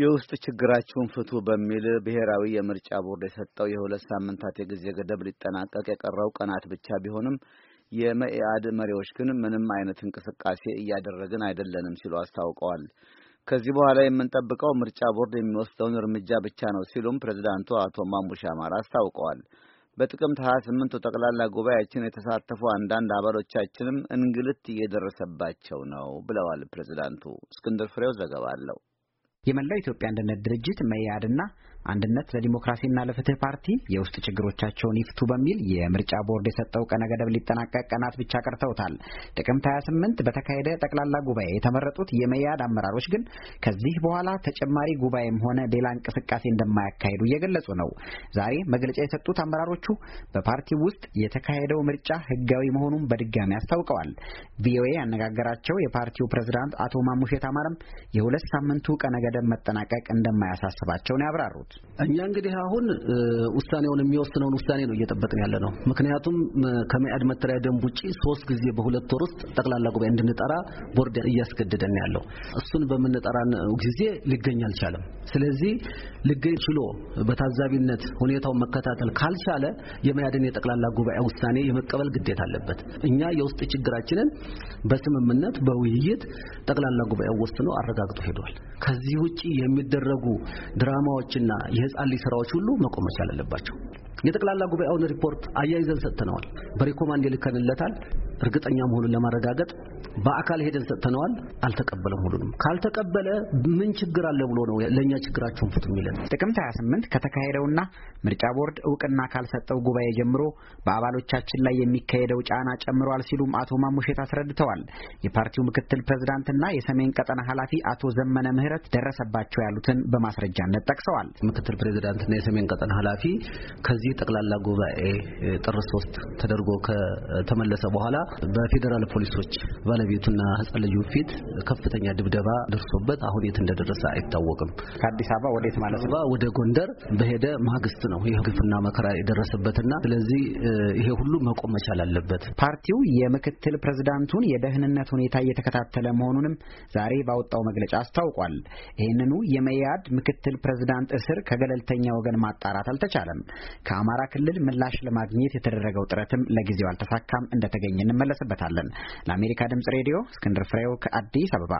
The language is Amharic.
የውስጥ ችግራችሁን ፍቱ በሚል ብሔራዊ የምርጫ ቦርድ የሰጠው የሁለት ሳምንታት የጊዜ ገደብ ሊጠናቀቅ የቀረው ቀናት ብቻ ቢሆንም የመኢአድ መሪዎች ግን ምንም አይነት እንቅስቃሴ እያደረግን አይደለንም ሲሉ አስታውቀዋል። ከዚህ በኋላ የምንጠብቀው ምርጫ ቦርድ የሚወስደውን እርምጃ ብቻ ነው ሲሉም ፕሬዚዳንቱ አቶ ማሙሻ አማራ አስታውቀዋል። በጥቅምት 28ቱ ጠቅላላ ጉባኤያችን የተሳተፉ አንዳንድ አባሎቻችንም እንግልት እየደረሰባቸው ነው ብለዋል ፕሬዚዳንቱ። እስክንድር ፍሬው ዘገባ አለው። የመላው ኢትዮጵያ አንድነት ድርጅት መኢአድና አንድነት ለዲሞክራሲና ለፍትህ ፓርቲ የውስጥ ችግሮቻቸውን ይፍቱ በሚል የምርጫ ቦርድ የሰጠው ቀነ ገደብ ሊጠናቀቅ ቀናት ብቻ ቀርተውታል። ጥቅምት 28 በተካሄደ ጠቅላላ ጉባኤ የተመረጡት የመኢአድ አመራሮች ግን ከዚህ በኋላ ተጨማሪ ጉባኤም ሆነ ሌላ እንቅስቃሴ እንደማያካሂዱ እየገለጹ ነው። ዛሬ መግለጫ የሰጡት አመራሮቹ በፓርቲ ውስጥ የተካሄደው ምርጫ ህጋዊ መሆኑን በድጋሚ አስታውቀዋል። ቪኦኤ ያነጋገራቸው የፓርቲው ፕሬዝዳንት አቶ ማሙሼት አማረም የሁለት ሳምንቱ ቀነ ገደብ መጠናቀቅ እንደማያሳስባቸው ነው ያብራሩት። እኛ እንግዲህ አሁን ውሳኔውን የሚወስነውን ውሳኔ ነው እየጠበቅን ያለ ነው። ምክንያቱም ከመያድ መተሪያ ደንብ ውጭ ሶስት ጊዜ በሁለት ወር ውስጥ ጠቅላላ ጉባኤ እንድንጠራ ቦርድ እያስገደደን ያለው እሱን በምንጠራን ጊዜ ሊገኝ አልቻለም። ስለዚህ ሊገኝ ችሎ በታዛቢነት ሁኔታውን መከታተል ካልቻለ የመያድን የጠቅላላ ጉባኤ ውሳኔ የመቀበል ግዴታ አለበት። እኛ የውስጥ ችግራችንን በስምምነት በውይይት ጠቅላላ ጉባኤው ወስኖ አረጋግጦ ሄዷል። ከዚሁ ውጪ የሚደረጉ ድራማዎችና የህፃን ልጅ ስራዎች ሁሉ መቆም መቻል አለባቸው። የጠቅላላ ጉባኤውን ሪፖርት አያይዘን ሰጥተነዋል። በሪኮማንድ ይልከንለታል። እርግጠኛ መሆኑን ለማረጋገጥ በአካል ሄደን ሰጥተነዋል። አልተቀበለም። ሁሉንም ካልተቀበለ ምን ችግር አለ ብሎ ነው ለእኛ ችግራቸውን ፍቱ የሚለን። ጥቅምት 28 ከተካሄደውና ምርጫ ቦርድ እውቅና ካልሰጠው ጉባኤ ጀምሮ በአባሎቻችን ላይ የሚካሄደው ጫና ጨምሯል ሲሉም አቶ ማሙሼት አስረድተዋል። የፓርቲው ምክትል ፕሬዝዳንትና የሰሜን ቀጠና ኃላፊ አቶ ዘመነ ምህረት ደረሰባቸው ያሉትን በማስረጃነት ጠቅሰዋል። ምክትል ፕሬዝዳንትና የሰሜን ቀጠና ኃላፊ ከዚህ ጠቅላላ ጉባኤ ጥር ሶስት ተደርጎ ከተመለሰ በኋላ በፌዴራል ፖሊሶች ባለቤቱና ህጻን ልጁ ፊት ከፍተኛ ድብደባ ደርሶበት አሁን የት እንደደረሰ አይታወቅም። ከአዲስ አበባ ወዴት ማለት ነው ወደ ጎንደር በሄደ ማግስት ነው ይህ ግፍና መከራ የደረሰበትና ስለዚህ ይሄ ሁሉ መቆም መቻል አለበት። ፓርቲው የምክትል ፕሬዝዳንቱን የደህንነት ሁኔታ እየተከታተለ መሆኑንም ዛሬ ባወጣው መግለጫ አስታውቋል። ይህንኑ የመያድ ምክትል ፕሬዝዳንት እስር ከገለልተኛ ወገን ማጣራት አልተቻለም። ከአማራ ክልል ምላሽ ለማግኘት የተደረገው ጥረትም ለጊዜው አልተሳካም እንደተገኘ እንመለስበታለን። ለአሜሪካ ድምጽ ሬዲዮ እስክንድር ፍሬው ከአዲስ አበባ